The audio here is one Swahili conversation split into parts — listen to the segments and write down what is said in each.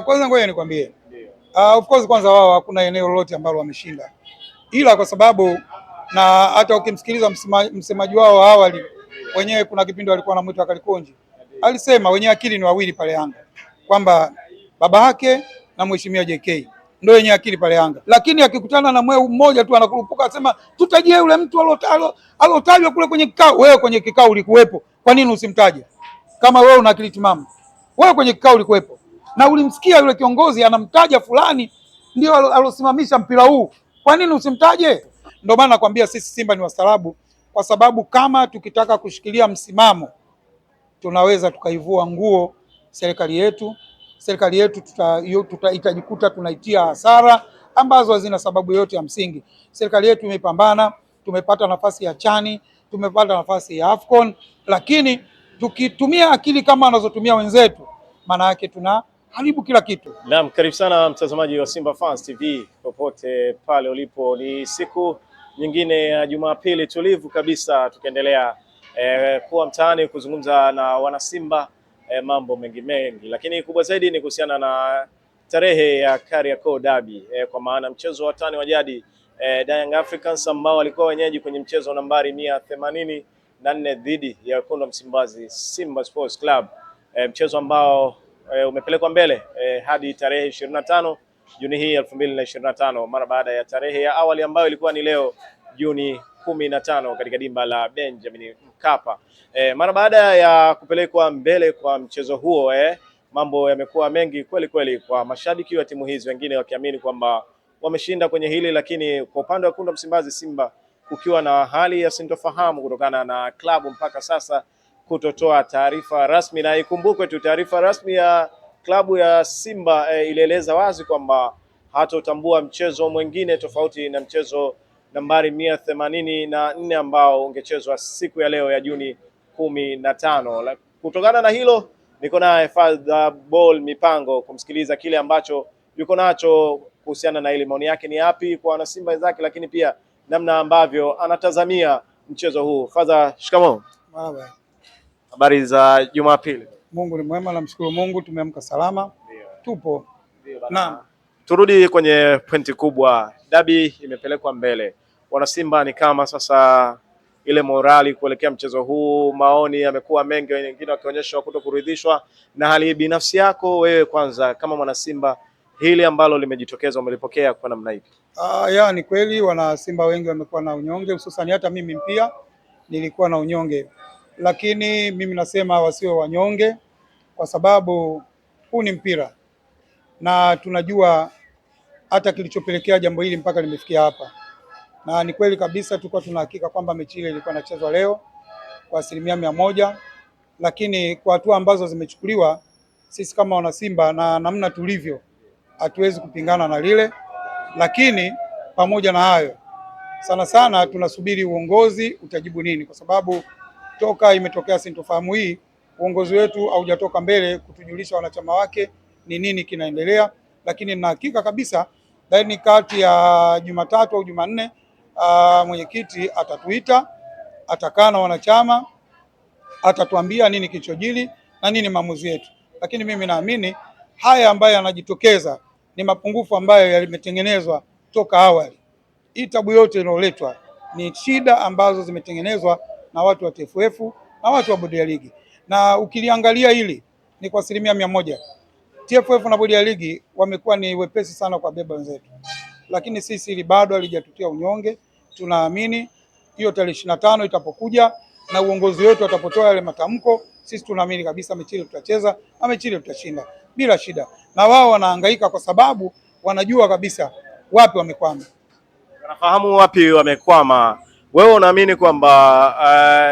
kwanza ngoja nikwambie. Uh, of course kwanza wao hakuna eneo lolote ambalo wameshinda, ila kwa sababu na hata ukimsikiliza msemaji wao awali wenyewe, kuna kipindi walikuwa wanamwita Kalikonji, alisema wenye akili ni wawili pale Yanga kwamba baba yake na mheshimiwa JK ndio wenye akili pale Yanga, lakini akikutana na mweu mmoja tu anakurupuka, asema tutajie yule mtu alotalo alotajwa kule kwenye kikao. Wewe kwenye kikao ulikuwepo, kwa nini usimtaje? Kama wewe una akili timamu, wewe kwenye kikao ulikuwepo na ulimsikia yule kiongozi anamtaja fulani ndio alosimamisha mpira huu, kwa nini usimtaje? Ndio maana nakwambia sisi Simba ni wastaarabu, kwa sababu kama tukitaka kushikilia msimamo tunaweza tukaivua nguo serikali yetu. Serikali yetu tutajikuta tunaitia hasara ambazo hazina sababu yoyote ya msingi. Serikali yetu imepambana, tumepata nafasi ya chani, tumepata nafasi ya Afcon, lakini tukitumia akili kama wanazotumia wenzetu, maana yake tuna karibu kila kitu. Naam, karibu sana mtazamaji wa Simba Fans TV popote pale ulipo, ni siku nyingine ya Jumapili tulivu kabisa, tukiendelea eh, kuwa mtaani kuzungumza na wanasimba eh, mambo mengi mengi, lakini kubwa zaidi ni kuhusiana na tarehe ya Kariakoo Derby eh, kwa maana mchezo wa tani wa jadi eh, Young Africans ambao walikuwa wenyeji kwenye mchezo nambari mia themanini na nne dhidi ya wekundu wa Msimbazi Simba Sports Club eh, mchezo ambao e, umepelekwa mbele e, hadi tarehe ishirini na tano Juni hii elfu mbili na ishirini na tano mara baada ya tarehe ya awali ambayo ilikuwa ni leo Juni kumi na tano katika dimba la Benjamin Mkapa. E, mara baada ya kupelekwa mbele kwa mchezo huo e, mambo yamekuwa mengi kweli kweli kwa mashabiki wa timu hizi, wengine wakiamini kwamba wameshinda kwenye hili, lakini kwa upande wa kundi Msimbazi Simba kukiwa na hali ya sintofahamu kutokana na klabu mpaka sasa kutotoa taarifa rasmi, na ikumbukwe tu taarifa rasmi ya klabu ya Simba e, ilieleza wazi kwamba hatotambua mchezo mwingine tofauti na mchezo nambari mia themanini na nne ambao ungechezwa siku ya leo ya Juni kumi na tano. Kutokana na hilo, niko naye Father Ball Mipango kumsikiliza kile ambacho yuko nacho kuhusiana na ile maoni yake ni yapi kwa wanasimba wenzake, lakini pia namna ambavyo anatazamia mchezo huu. Father, shikamoo. Habari za Jumapili. Mungu ni mwema, namshukuru Mungu, tumeamka salama. Dio. Tupo. Dio, na turudi kwenye pointi kubwa, dabi imepelekwa mbele, wanasimba ni kama sasa ile morali kuelekea mchezo huu. Maoni yamekuwa mengi, wengine wakionyesha kuto kuridhishwa na hali Binafsi yako wewe, kwanza kama mwanasimba, hili ambalo limejitokeza umelipokea kwa namna ipi? Ah, ya ni kweli wanasimba wengi wamekuwa na unyonge, hususani hata mimi pia nilikuwa na unyonge lakini mimi nasema wasiwe wanyonge, kwa sababu huu ni mpira na tunajua hata kilichopelekea jambo hili mpaka limefikia hapa. Na ni kweli kabisa tulikuwa tunahakika kwamba mechi ile ilikuwa inachezwa leo kwa asilimia mia moja, lakini kwa hatua ambazo zimechukuliwa, sisi kama wanasimba na namna tulivyo, hatuwezi kupingana na lile. Lakini pamoja na hayo, sana sana tunasubiri uongozi utajibu nini, kwa sababu toka imetokea sintofahamu hii, uongozi wetu haujatoka mbele kutujulisha wanachama wake ni nini kinaendelea, lakini na hakika kabisa ni kati ya Jumatatu au Jumanne ah, mwenyekiti atatuita, atakaa na wanachama, atatuambia nini kichojili na nini maamuzi yetu. Lakini mimi naamini haya ambayo yanajitokeza ni mapungufu ambayo yametengenezwa toka awali. Hii tabu yote inayoletwa ni shida ambazo zimetengenezwa na watu wa TFF na watu wa bodi ya ligi, na ukiliangalia hili ni kwa asilimia mia moja TFF na bodi ya ligi wamekuwa ni wepesi sana kwa beba wenzetu, lakini sisi hili bado halijatutia unyonge. Tunaamini hiyo tarehe ishirini na tano itapokuja na uongozi wetu atapotoa yale matamko, sisi tunaamini kabisa mechi ile tutacheza na mechi ile tutashinda bila shida, na wao wanahangaika kwa sababu wanajua kabisa wapi wamekwama, wanafahamu wapi wamekwama. Wewe unaamini kwamba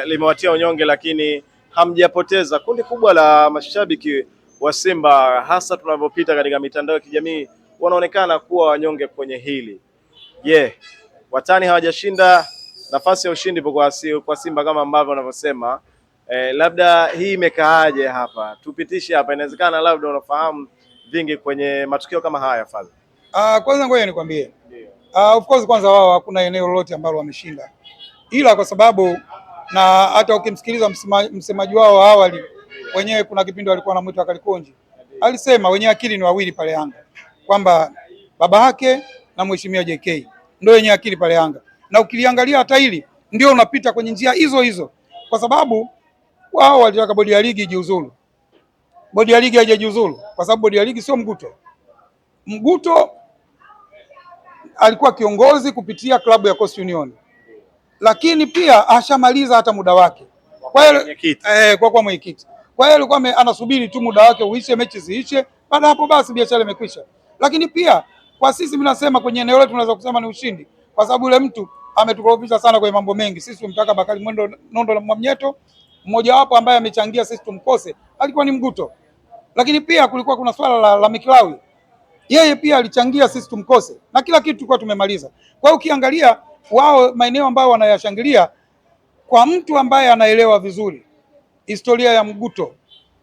uh, limewatia unyonge, lakini hamjapoteza kundi kubwa la mashabiki wa Simba, hasa tunavyopita katika mitandao ya kijamii, wanaonekana kuwa wanyonge kwenye hili. Je, yeah, watani hawajashinda, nafasi ya ushindi kwa kwa Simba kama ambavyo wanavyosema. Eh, labda hii imekaaje hapa? Tupitishe hapa, inawezekana labda unafahamu vingi kwenye matukio kama haya. Fadhili, ah, kwanza ngoja nikwambie Uh, of course kwanza wao hakuna eneo lolote ambalo wameshinda, ila kwa sababu na hata ukimsikiliza msemaji wao wa awali wenyewe, kuna kipindi walikuwa mwito Kalikonji, alisema wenye akili ni wawili pale Yanga kwamba baba yake na mheshimiwa JK ndio wenye akili pale Yanga, na ukiliangalia hata hili ndio unapita kwenye njia hizo hizo, kwa sababu wao walitaka bodi ya ligi jiuzulu Bodi ya ligi haijajiuzulu kwa sababu bodi ya ligi sio mguto mguto alikuwa kiongozi kupitia klabu ya Coast Union, lakini pia ashamaliza hata muda wake kwa hiyo eh, kwa kwa mwenyekiti. Kwa hiyo alikuwa anasubiri tu muda wake uishe, mechi ziishe, baada hapo basi biashara imekwisha. Lakini pia kwa sisi, mimi nasema kwenye eneo letu tunaweza kusema ni ushindi, kwa sababu yule mtu ametukorofisha sana kwenye mambo mengi. Sisi tumtaka Bakari Mwendo Nondo na Mwamnyeto, mmojawapo ambaye amechangia sisi tumkose alikuwa ni Mguto, lakini pia kulikuwa kuna swala la, la Mikilawi yeye pia alichangia sisi tumkose na kila kitu tulikuwa tumemaliza. Kwa hiyo ukiangalia wao maeneo ambayo wanayashangilia, kwa mtu ambaye anaelewa vizuri historia ya Mguto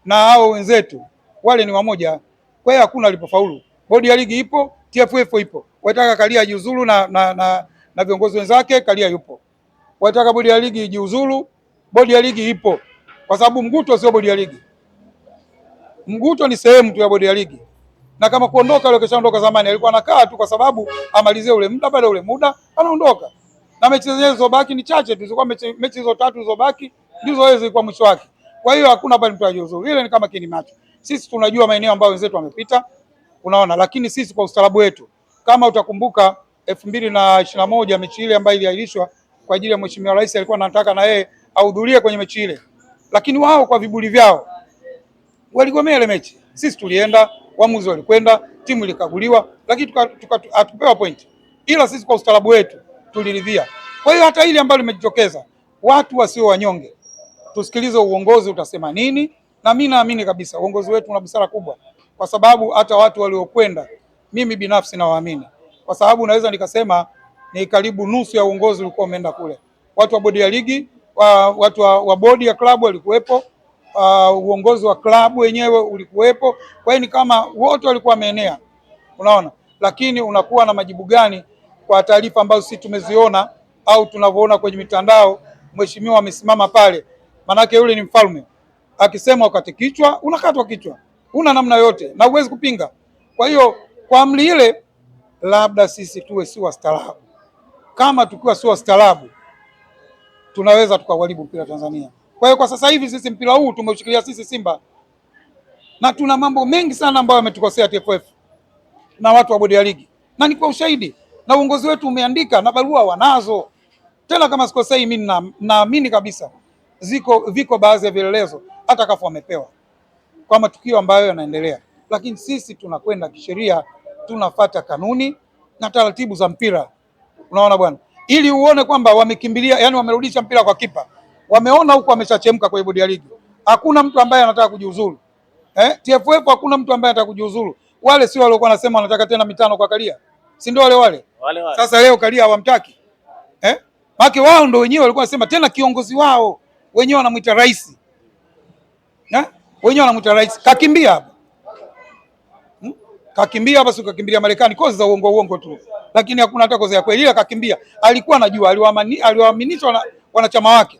na hao wenzetu wale ni wamoja. Kwa hiyo hakuna alipofaulu. Bodi ya ligi ipo, TFF ipo, wataka Kalia jiuzulu na, na, na, na viongozi wenzake. Kalia yupo, wataka bodi ya ligi jiuzulu, bodi ya ligi ipo, kwa sababu Mguto sio bodi ya ligi. Mguto ni sehemu tu ya bodi ya ligi na kama kuondoka yule kishaondoka zamani, alikuwa anakaa tu kwa sababu amalizie ule muda, baada ule muda anaondoka. Na mechi zenyewe zilizobaki ni chache tu, zilikuwa mechi, mechi hizo tatu zilizobaki ndizo hizo zilikuwa mwisho wake. Kwa hiyo hakuna bali mtu uzuri, ile ni kama kini macho. Sisi tunajua maeneo ambayo wenzetu wamepita, unaona, lakini sisi kwa ustaarabu wetu, kama utakumbuka elfu mbili na ishirini na moja mechi ile ambayo iliahirishwa kwa ajili ya mheshimiwa rais, alikuwa anataka na yeye ahudhurie kwenye mechi ile, lakini wao kwa vibuli vyao waligomea ile mechi. Sisi tulienda waamuzi walikwenda, timu ilikaguliwa, lakini hatupewa point, ila sisi kwa ustaarabu wetu tuliridhia. Kwa hiyo hata hili ambalo limejitokeza, watu wasio wanyonge, tusikilize uongozi utasema nini, na mimi naamini kabisa uongozi wetu una busara kubwa, kwa sababu hata watu waliokwenda, mimi binafsi nawaamini, kwa sababu naweza nikasema ni karibu nusu ya uongozi ulikuwa umeenda kule. Watu wa bodi ya ligi, watu wa bodi ya klabu walikuwepo uh, uongozi wa klabu wenyewe ulikuwepo. Kwa hiyo ni kama wote walikuwa wameenea, unaona, lakini unakuwa na majibu gani kwa taarifa ambazo sisi tumeziona au tunavyoona kwenye mitandao? Mheshimiwa amesimama pale, manake yule ni mfalme, akisema ukate kichwa unakatwa kichwa, una namna yote na uwezi kupinga. Kwa hiyo kwa amri ile, labda sisi tuwe si wastaarabu. Kama tukiwa si wastaarabu, tunaweza tukawalibu mpira Tanzania. Kwa hiyo kwa sasa hivi sisi mpira huu tumeushikilia sisi Simba, na tuna mambo mengi sana ambayo yametukosea TFF na watu wa bodi ya ligi, na ni kwa ushahidi na uongozi wetu umeandika na barua wanazo. Tena kama sikosei, mimi naamini kabisa ziko viko baadhi ya vielelezo hata kafu wamepewa kwa matukio ambayo yanaendelea, lakini sisi tunakwenda kisheria, tunafata kanuni na taratibu za mpira. Unaona bwana, ili uone kwamba wamekimbilia, yani wamerudisha mpira kwa kipa wameona huko wameshachemka kwenye bodi ya ligi, hakuna mtu ambaye anataka kujiuzuru eh? TFF hakuna mtu ambaye anataka kujiuzuru. Wale sio waliokuwa wanasema wanataka tena mitano kwa Kalia, si ndio wale wale? Wale wale sasa leo Kalia hawamtaki eh? Maki wao ndio wenyewe walikuwa wanasema tena, kiongozi wao wenyewe wanamuita rais eh? wenyewe wanamuita rais, kakimbia hapa hmm? kakimbia hapa, si kakimbia Marekani, kozi za uongo uongo tu, lakini hakuna hata kozi ya kweli. Ila kakimbia, alikuwa anajua, aliwaaminisha wanachama wake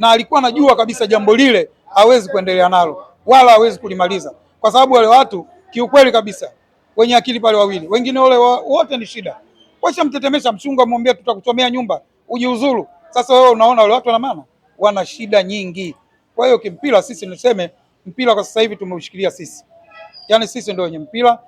na alikuwa anajua kabisa jambo lile hawezi kuendelea nalo wala hawezi kulimaliza, kwa sababu wale watu kiukweli kabisa wenye akili pale wawili, wengine wale wote ni shida. Wacha mtetemesha mchungu, amwambia tutakuchomea nyumba ujiuzuru. Sasa wewe unaona wale watu wana maana wana shida nyingi. Kwa hiyo kimpira, sisi niseme mpira kwa sasa hivi tumeushikilia sisi, yani sisi ndio wenye mpira.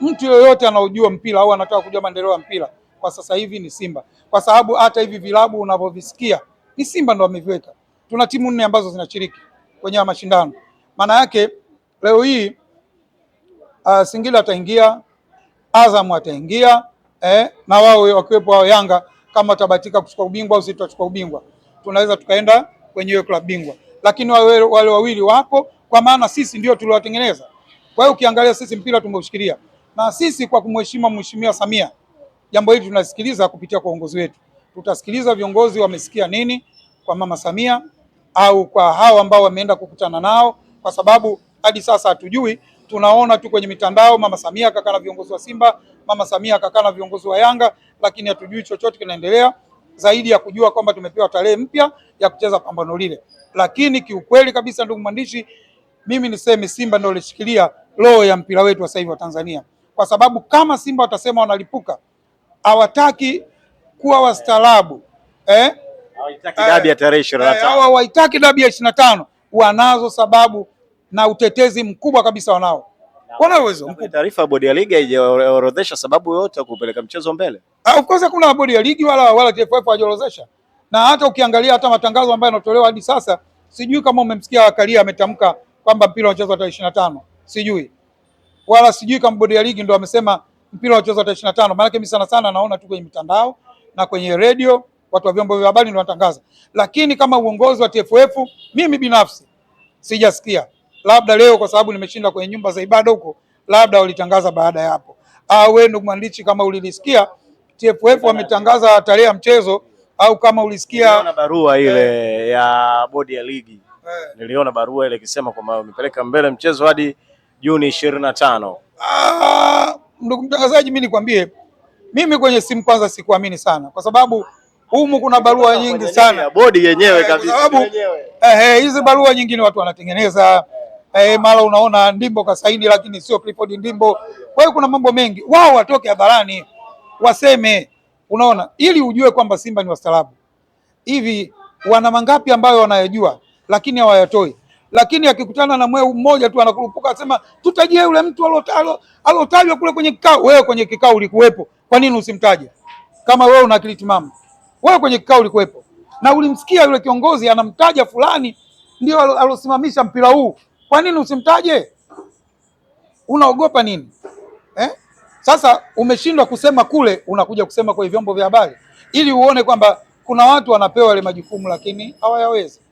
Mtu yoyote anaojua mpira au anataka kujua maendeleo ya mpira kwa sasa hivi ni Simba, kwa sababu hata hivi vilabu unavyovisikia ni Simba ndo ameviweka tuna timu nne ambazo zinashiriki kwenye mashindano. Maana yake leo hii uh, Singida ataingia, Azam ataingia eh, na wao wakiwepo wao Yanga kama tabatika kuchukua ubingwa au sisi tutachukua ubingwa, tunaweza tukaenda kwenye hiyo klabu bingwa, lakini wale, wale wawili wapo, kwa maana sisi ndio tuliowatengeneza. Kwa hiyo ukiangalia sisi mpira tumeushikilia, na sisi kwa kumheshima Mheshimiwa Samia, jambo hili tunasikiliza kupitia kwa uongozi wetu, tutasikiliza viongozi wamesikia nini kwa mama Samia au kwa hao ambao wameenda kukutana nao, kwa sababu hadi sasa hatujui. Tunaona tu kwenye mitandao, mama Samia akakaa na viongozi wa Simba, mama Samia akakaa na viongozi wa Yanga, lakini hatujui chochote kinaendelea zaidi ya kujua kwamba tumepewa tarehe mpya ya kucheza pambano lile. Lakini kiukweli kabisa, ndugu mwandishi, mimi niseme Simba ndio alishikilia roho ya mpira wetu sasa hivi wa Tanzania, kwa sababu kama Simba watasema wanalipuka, hawataki kuwa wastaarabu eh? hawaitaki dabi ya tarehe 25. Eh, hawaitaki wanazo sababu na utetezi mkubwa kabisa wanao wana uwezo Taarifa ya bodi ya ligi haijaorodhesha sababu yoyote kupeleka mchezo mbele. Ah, of course hakuna bodi ya ligi wala wala TFF hawajaorodhesha, na hata ukiangalia hata matangazo ambayo yanatolewa hadi sasa, sijui kama umemsikia Wakalia ametamka kwamba mpira unachezwa tarehe tano sijui wala sijui kama bodi ya ligi ndo amesema mpira unachezwa tarehe tano maanake mi sana sana naona tu kwenye mitandao na kwenye redio watu wa vyombo vya habari ndio wanatangaza, lakini kama uongozi wa TFF mimi binafsi sijasikia. Labda leo kwa sababu nimeshinda kwenye nyumba za ibada huko, labda walitangaza baada ya hapo. Au ah, wewe ndugu mwandishi, kama ulilisikia TFF wametangaza tarehe ya mchezo, au kama ulisikia barua ile eh, ya bodi ya ligi eh, niliona barua ile ikisema kwamba wamepeleka mbele mchezo hadi Juni ishirini na tano. Ah, ndugu mtangazaji, mimi nikwambie, mimi kwenye simu kwanza sikuamini sana kwa sababu humu kuna barua nyingi sana bodi yenyewe kabisa, sababu hizi barua nyingine watu wanatengeneza eh. eh, mara unaona Ndimbo kasaini, lakini sio Clifford Ndimbo. Kwa hiyo kuna mambo mengi, wao watoke hadharani waseme, unaona, ili ujue kwamba Simba ni wastaarabu. Hivi wana mangapi ambayo wanayajua lakini hawayatoi lakini akikutana na mweu mmoja tu anakurupuka, asema tutajie yule mtu alotalo alotajwa kule kwenye kikao. Wewe kwenye kikao ulikuwepo, kwa nini usimtaje? Kama wewe una akili timamu. Wewe kwenye kikao ulikuwepo na ulimsikia yule kiongozi anamtaja fulani ndio alosimamisha mpira huu. Kwa nini usimtaje? Unaogopa nini eh? Sasa umeshindwa kusema kule, unakuja kusema kwenye vyombo vya habari ili uone kwamba kuna watu wanapewa ile majukumu lakini hawayawezi.